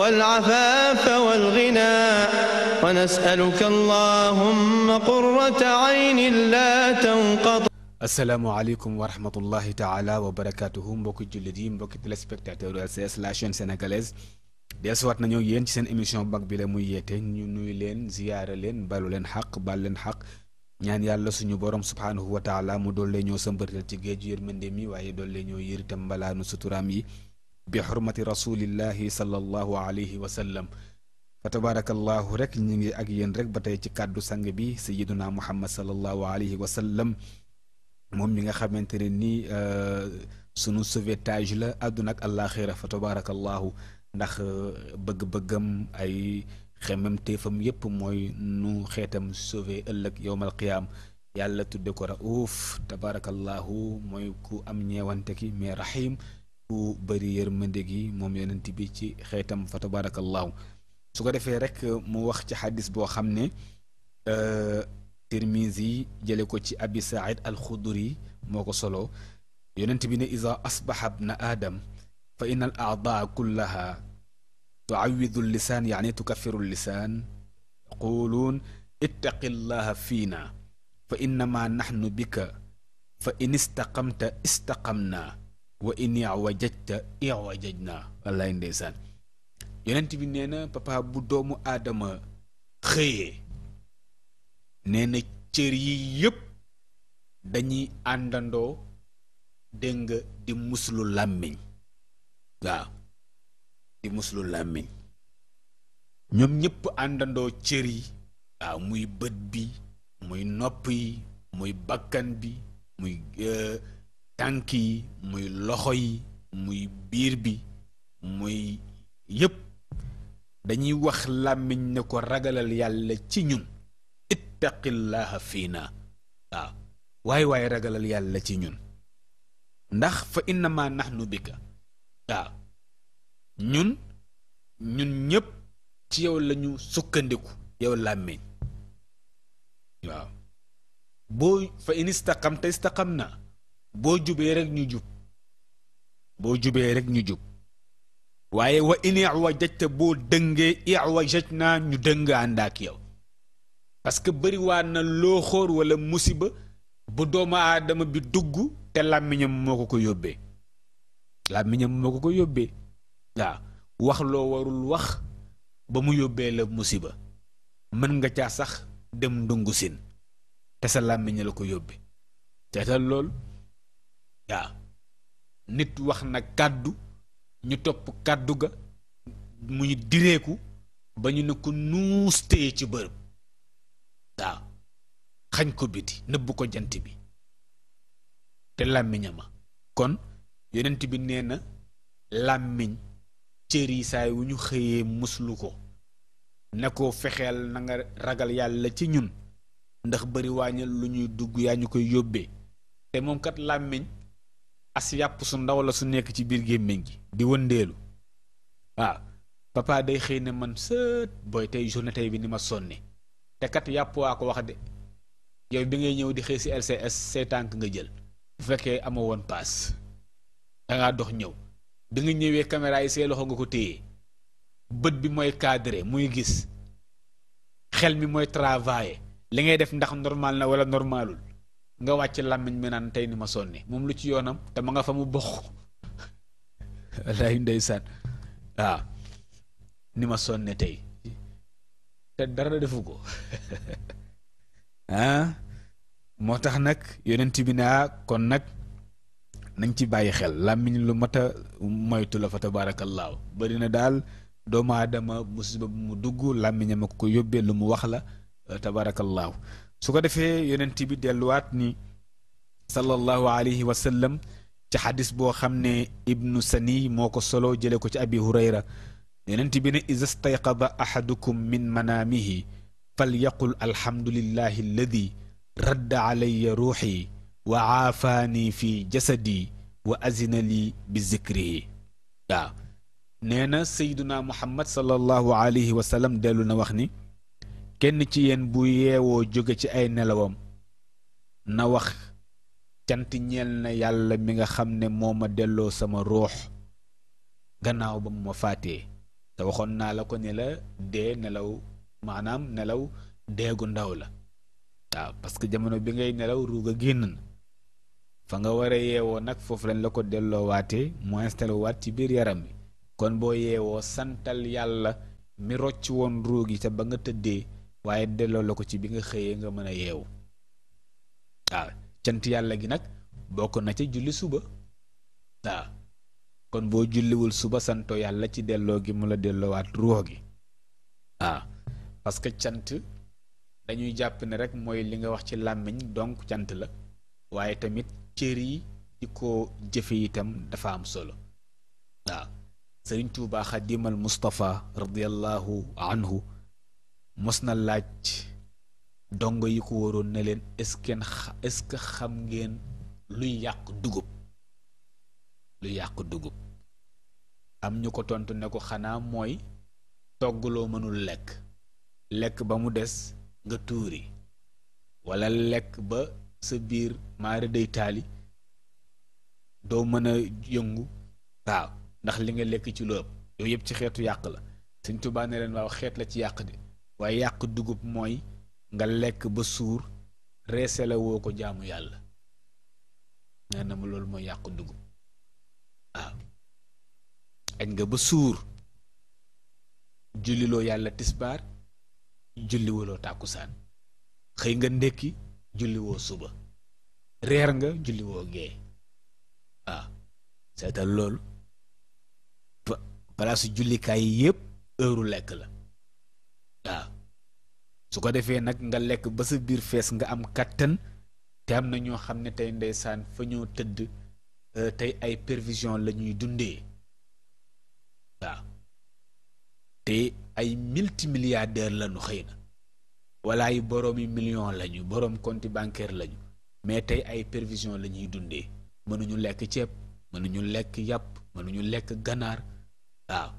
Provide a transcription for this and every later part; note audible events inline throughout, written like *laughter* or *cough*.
والعفاف والغنى ونسألك اللهم قرة عين لا تنقطع السلام عليكم ورحمة الله تعالى وبركاته مبوك جلدي مبوك تلسبكتاتي رأسيس لاشين سنغاليز ديسوات نيو يين سن اميشن باك بلا مويته نيو نوي لين زيارة لين بلو لين حق بل لين حق نيان يالله سنو بورم سبحانه وتعالى مدول لينيو سنبرتل تيجي جير من ديمي وعي لينيو يير تنبالا نسطرامي بحرمة رسول الله صلى الله عليه وسلم فتبارك الله رك نيغي اك يين رك باتاي تي كادو سانغ بي سيدنا محمد صلى الله عليه وسلم موم ميغا خامتيني ني آه، سونو سوفيتاج لا ادوناك الاخره فتبارك الله ناخ آه، بغ بغم اي خمم تيفم ييب موي نو خيتام سوفي الك يوم القيام يالا تودي كو تبارك الله موي كو ام نيوانتكي مي رحيم ku bëri yërmande gi moom yonent bi ci xeetam fa tabaarakallaahu su ko defee rek mu wax ci xadis boo xam ne euh, tirmisi jële ko ci abi alxuduri moo ko solo yonent bi ne ida asbaxa bna aadam fa in al aadaa kullaha tuawidu llisaan yaani tukaffiru llisaan yaquluun ittaqi llaha fiina fa innama naxnu bika fa in istaqamta istaqamnaa wa in iwajajta iwajaj naa wallaay ndeysaan yonent bi neena na bu doomu aadama xëyee nee na cër yi yëpp dañuy àndandoo dégg nga di muslu làmmiñ waaw di muslu làmmiñ ñoom ñëpp àndandoo cër yi waaw muy bët bi muy nopp yi muy bakkan bi muy euh, tànk yi muy loxo yi muy biir bi muy yëpp dañuy wax làmmiñ ne ko ragalal yàlla ci ñun ittaqillaha fiina waaw waaye waaye ragalal yàlla ci ñun ndax fa innama nahnu bika waaw ñun ñun ñëpp ci yow lañu sukkandiku yow làmmiñ waaw boo fa in istaqamta istaqamna boo jubee rek ñu jub boo jubee rek ñu jub waaye wa in iwajajta boo dëngee iwajaj naa ñu dëng ànd ak parce que bëriwaat na looxoor walla musiba bu doomu aadama bi dugg te làmmiñam moo ko ko yóbbee làmmiñam moo ko yóbbee waaw loo warul wax ba mu yóbbee la musiba mën nga caa sax dem ndungu sin te sa làmmiñ la ko yóbbee te lool waaw nit wax na kàddu ñu topp kàddu ga muy direeku ba ñu ne ko nuus téye ci bërëb waaw xañ ko biti nëbbu ko jant bi te làmmiña ma kon yonent bi nee na làmmiñ cër yi saay wu ñu xëyee muslu ko ne ko fexeel na nga ragal yàlla ci ñun ndax bari waañal lu ñuy dugg yaa ñu koy yóbbee te moom kat làmmiñ as yap su ndaw la su nek ci bir gi di wondelu wa papa day xeyne man sët boy tay journée tay bi ni ma sonné te kat yap wa ko wax de yow bi ngay ñëw di xey si LCS say nga jël bu fekkee amoo pass da nga dox ñëw bi nga ñëwee caméra yi sé loxo nga ko bi moy cadré muy gis xel mi moy travailler li ngay def ndax normal na wala normalul nga wàcc làmmiñ mi naan tey ni ma sonni moom lu ci yoonam te ma nga fa mu bokk *laughs* wallaahi ndeysaan waaw ni ma sonne tey te dara defu ko *laughs* ah. moo tax nag yonent bi naa ah, kon nag nañ ci bàyyi xel làmmiñ lu mat a moytu la fa tabaarakallaahu bari na daal doomu aadama musiba bu mu dugg làmmiñam ak ko yóbbee lu mu wax la tabaarakallaahu su ko defee yonent bi delluwaat ni sallallahu alayhi wa sallam ci xadis boo xam ne ibnu sani moo ko solo jële ko ci abi hurayra yonent bi ne iza stayqada ahadukum min manaamihi fal yaqul alhamdulillahi alladi radda alayya ruuxi wa aafaani fi jasadi wa azina li bi zikrihi waaw nee na sayduna muhammad sallallahu alayhi wa sallam dellu na wax ni kenn ci yéen bu yeewoo jóge ci ay nelawam na wax cant ñeel na yàlla mi nga xam ne moo ma delloo sama ruux gannaaw ba mu ma faatee te waxoon naa la ko ne la dee nelaw maanaam nelaw deegu ndaw la waaw parce que jamono bi ngay nelaw a génn na fa nga war a yeewoo nag foofu lañ la ko delloo waatee mu installé waat ci biir yaram wi kon boo yeewoo santal yàlla mi rocc woon ruug yi te ba nga tëddee waaye delloo la ko ci bi nga xëyee nga mën a yeewu waaw cant yàlla gi nag bokk na ca julli suba waaw kon boo julliwul suba santo yàlla ci delloo gi mu la delloowaat ruux gi waaw parce que cant dañuy jàpp ni rek mooy li nga wax ci làmmiñ donc cant la waaye tamit cër yi di ko jëfe itam dafa am solo waaw sëriñ Tuubaa xadimal Mustafa radiallahu anhu mos na laaj dongo yi ko waroon na leen est-ce ce que xam ngeen lu yàq dugub lu yàq dugub am ñu ko tontu ne ko xanaa mooy togg loo mënul lekk lekk ba mu des nga tuuri walla lekk ba sa biir maari day taali doo mën a yëngu waaw ndax li nga lekk ci lu ëpp yooyu yëpp ci xeetu yàq la Sëñ Tuubaa ne leen waaw xeet la ci yàq de waaye yàq dugub mooy nga lekk ba suur reese la woo ko jaamu yàlla nee na ma loolu mooy yàq dugub waaw añ nga ba suur julliloo yàlla tisbaar julliwoloo tàkkusaan xëy nga ndékki julliwoo suba reer nga julliwoo gee waaw seetal loolu palaasu jullikaay yi yépp heure lekk la waaw su ko defee nag nga lekk ba sa biir fees nga am kàttan te am na ñoo xam ne tey ndeysaan fa ñoo tëdd euh, tey ay pervision la ñuy dundee waaw te ay multimilliardaire lañu xëy na wala ay boroomi million lañu boroom compte bancaire lañu mais tey ay pervision la ñuy dundee mënuñu lekk ceeb mënuñu lekk yàpp mënuñu lekk ganaar waaw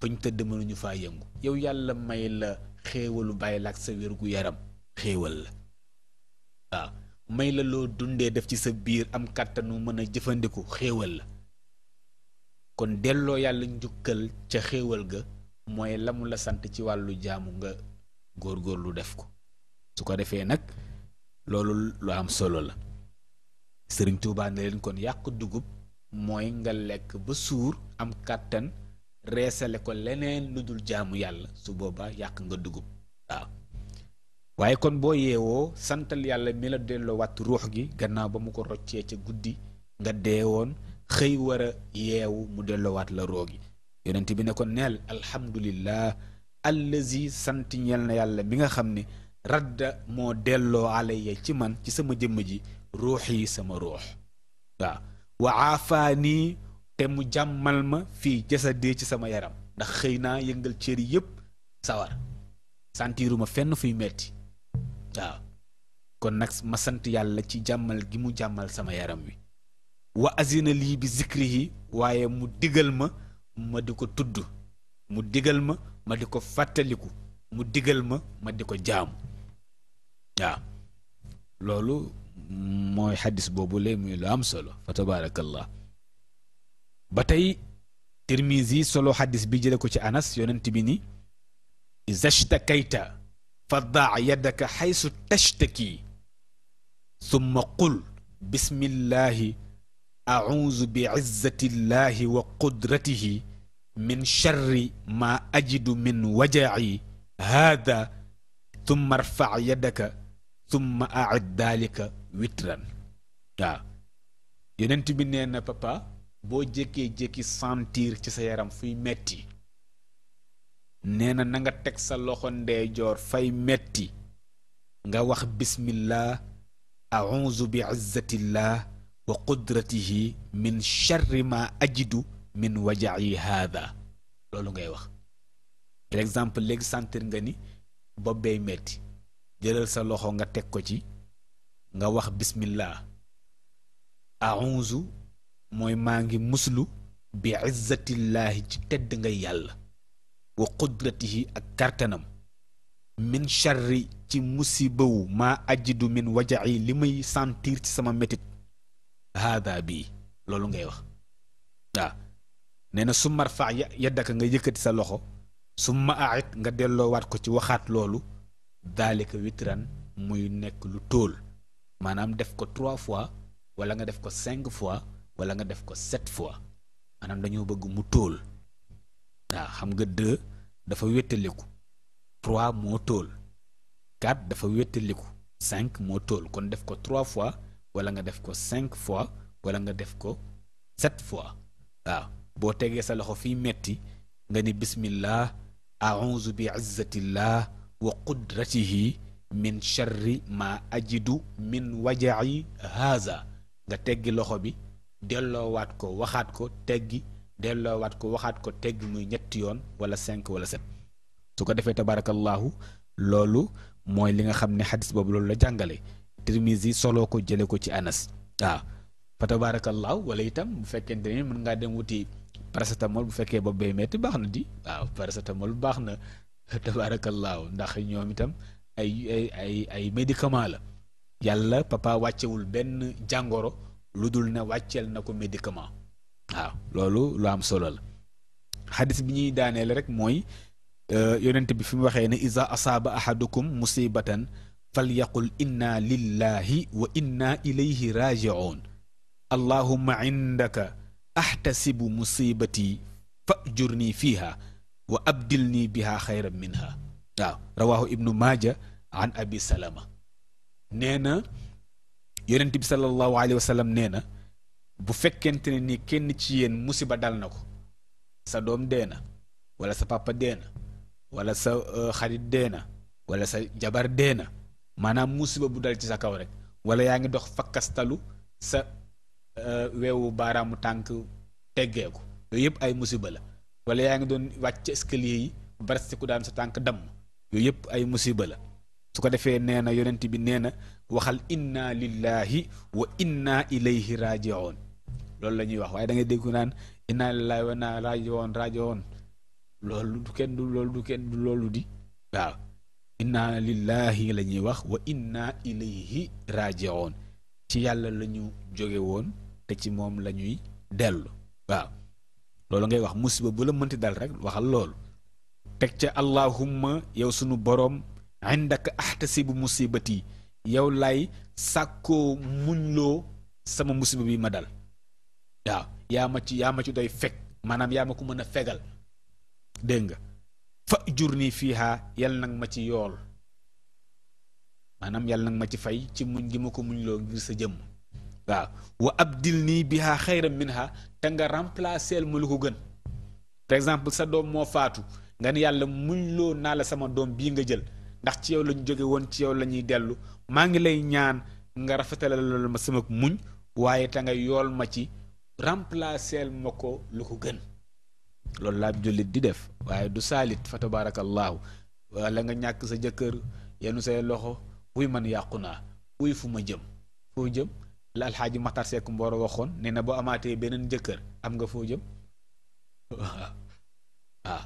bañ tëdd mënuñu faa yëngu yow yàlla may la xéewalu bàyyi la ak sa wérgu yaram xéewal la waaw may la loo dundee def ci sa biir am kàttanu mën a jëfandiku xéewal la kon delloo yàlla njukkal ca xéewal ga mooy la mu la sant ci wàllu jaamu nga góorgóorlu def ko su ko defee nag loolu lu am solo la sëriñ Tuubaa ne leen kon yàq dugub mooy nga lekk ba suur am kàttan reesale ko leneen lu dul jaamu yàlla su boobaa yàq nga dugub waaw waaye kon boo yeewoo santal yàlla mi la delloo wàtt ruux gi gannaaw ba mu ko roccee ca guddi nga deewoon xëy war yeewu mu delloowaat la roog yi yonent bi ne ko neel alhamdulillah allazi sant ñeel na yàlla bi nga xam ne radda moo delloo alayya ci man ci sama jëmm ji ruux sama ruux waaw wa te mu jàmmal ma fii jasadee ci sama yaram ndax xëy naa yëngal cër yëpp sawar santiiruma fenn fuy metti waaw kon nag ma sant yàlla ci jàmmal gi mu jàmmal sama yaram wi wa azina lii bi zikri yi waaye mu digal ma ma di ko tudd mu digal ma ma di ko fàttaliku mu digal ma ma di ko jaamu waaw loolu mooy xaddis boobu lay muy lu am solo fa tabaarakallah ba tey tirmisi solo xadis bi jële ko ci anas yonent bi ni izashtakayta fadaa yadaka xaysu tashtaki summa qul bismillahi auzu bi izzati llahi wa qudratihi min charri ma ajidu min wajaci haada summa arfac yadaka summa acid dalika witran waaw yonent bi nee na papa boo jékkee-jékki sentir ci sa yaram fuy metti neena na nga teg sa loxo ndeyjoor fay metti nga wax bismillah auzu bi izzatillah wa qudratihi min charri ma ajidu min wajaci haada loolu ngay wax par exemple léegi sentir nga ni bopp bay metti jëlal sa loxo nga teg ko ci nga wax bismillah auzu mooy maa ngi muslu bi izzatillaahi ci tedd ngay yàlla wa qudratihi ak kartanam min charri ci musibawu maa ajidu min waja'i li may sentir ci sama métit haada bii loolu ngay wax waaw nee na su marfa yaddaka nga yëkkati sa loxo su ma aait nga delloowaat ko ci waxaat loolu daalika witran muy nekk lu tóol maanaam def ko trois fois wala nga def ko cinq fois wala nga def ko sept fois maanaam dañoo bëgg mu tóol waaw xam nga deux dafa wéttaliku trois moo tóol quatre dafa wéttaliku cinq moo tóol kon def ko trois fois wala nga def ko cinq fois wala nga def ko sept fois waaw boo tegee sa loxo fi metti nga ni bismillah auzu bi izzatillah wa qudratihi min sharri ma ajidu min wajaci haaza nga teggi loxo bi delloowaat ko waxaat ko teggi delloowaat ko waxaat ko teggi muy ñetti yoon wala cinq wala sept su ko defee tabaarakallaahu loolu mooy li nga xam ne xadis boobu loolu la jàngale Tirmizi soloo ko jële ko ci Anas waaw fa tabaarakallaahu wala itam bu fekkente ne mën ngaa dem wuti paracetamol bu fekkee ba bay metti baax na di waaw paracetamol baax na tabaarakallaahu ndax ñoom itam ay ay ay ay médicament la yàlla papa wàccewul benn jàngoro lu dul ne wàcceel na ko médicament loolu lu am solo la xadis bi ñuy daaneel rek mooy euh, yonent bi fi mu waxee ne iza asaaba ahadukum musibatan fal yaqul inna lillahi wa inna ilayhi allahumma indaka abdilni biha xayran minha waaw rawahu maaja an abi salama nee yonent bi sallallahu alayhi wa sallam nee na bu fekkente ne ni kenn ci yéen musiba dal na ko sa doom dee na wala sa papa dee na wala sa euh, xarit dee na wala sa jabar dee na maanaam musiba bu dal ci sa kaw rek wala yaa ngi dox fakkastalu sa euh, weewu baaraamu tànk teggee ko yooyu yëpp ay musiba la wala yaa ngi doon wàcc escalier yi barasti ku daan sa tànk damm yooyu yëpp ay musiba la su ko defee nee na yonent bi nee na waxal inna lillahi wa inna ilayhi rajiun loolu la ñuy wax waaye da ngay dégg naan inna lillahi wa inna rajiun rajiun loolu du kenn du loolu du kenn du loolu di waaw inna lillahi la ñuy wax wa inna ilayhi rajiun ci yàlla la ñu jóge woon te ci moom la ñuy dellu waaw loolu ngay wax musiba bu la mënti dal rek waxal loolu teg ca allahumma yow sunu borom indaka ahtasibu musibati yow lay sàkkoo muñloo sama musiba bi ma dal waaw yaa ma ci yaa ma ci doy fekk maanaam yaa ko mën a fegal dégg nga fa jur nii yal nag ma ci yool maanaam yal nag ma ci fay ci muñ ko muñloo sa jëmm waaw wa abdil nii te nga ma lu ko gën par exemple sa doom moo faatu nga ne yàlla muñloo naa la sama doom bii nga jël ndax ci yow lañu jóge woon ci yow lañuy dellu maa ngi lay ñaan nga rafetalal ma sama muñ waaye te nga yool ma ci remplacer ma ko lu ko gën loolu laa jullit di def waaye du saalit fa tabaarakallaahu wala nga ñàkk sa jëkkër yennu say loxo wuy man yàqu naa wuy fu ma jëm foo jëm la alxaaji Maxtar Seck Mboro waxoon nee na boo amaatee beneen jëkkër am nga foo jëm waaw *laughs* ah,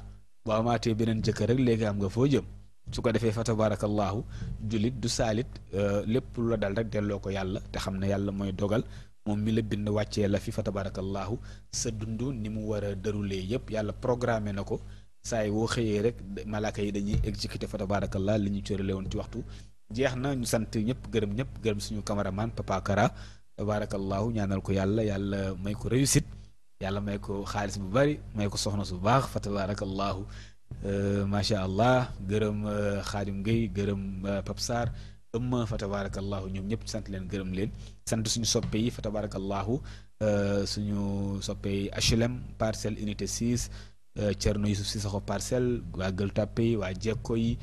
waaw amaatee beneen jëkkër rek léegi am nga foo jëm su ko defee fa tabaarakallaahu jullit du saalit euh, lépp lu la dal rek delloo ko yàlla te xam na yàlla mooy dogal moom mi la bind wàccee la fi fa tabaarakallaahu sa dund ni mu war a dérouler yépp yàlla programme na ko saay woo xëyee rek malaaka yi dañuy exécuté fa tabaarakallaahu li ñu cërale woon ci waxtu jeex na ñu sant ñëpp gërëm ñëpp gërëm suñu cameraman Papa Kara tabaarakallaahu ñaanal ko yàlla yàlla may ko réussit yàlla may ko xaalis bu bari may ko soxna su baax fa tabaarakallaahu Euh, macha allah gërëm Xaadim euh, Gueye gërëm euh, Pape Sarr ëmma fa tabarakallahu ñoom ñëpp sant leen gërëm leen sant suñu soppe yi fa tabarakallahu suñu soppe yi HLM parcelle unité 6 Thierno si Cissokho parcelle waa Gueule Tapée waa Jekko yi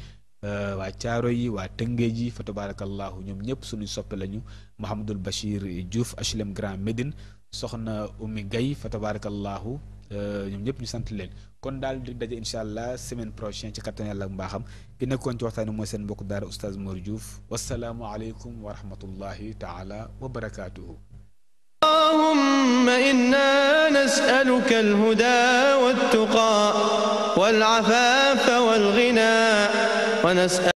waa Caaro yi waa Tëngéej yi fa tabarakallahu ñoom ñëpp suñu soppe lañu Mouhamadul Bachir Diouf HLM Grand Médine soxna Oumy Gueye fa tabarakallahu ñoom ñëpp ñu sant leen kon daal di daje incha allah semaine prochaine ci kattan yàlla bu baaxam ki nekkoon ci waxtaani mooy seen mbokk daara oustaz Mor Diouf wasalaamualeykum wa rahmatullahi taala wa barakaatuhu. اللهم إنا نسألك الهدى والتقى والعفاف والغنى ونسأل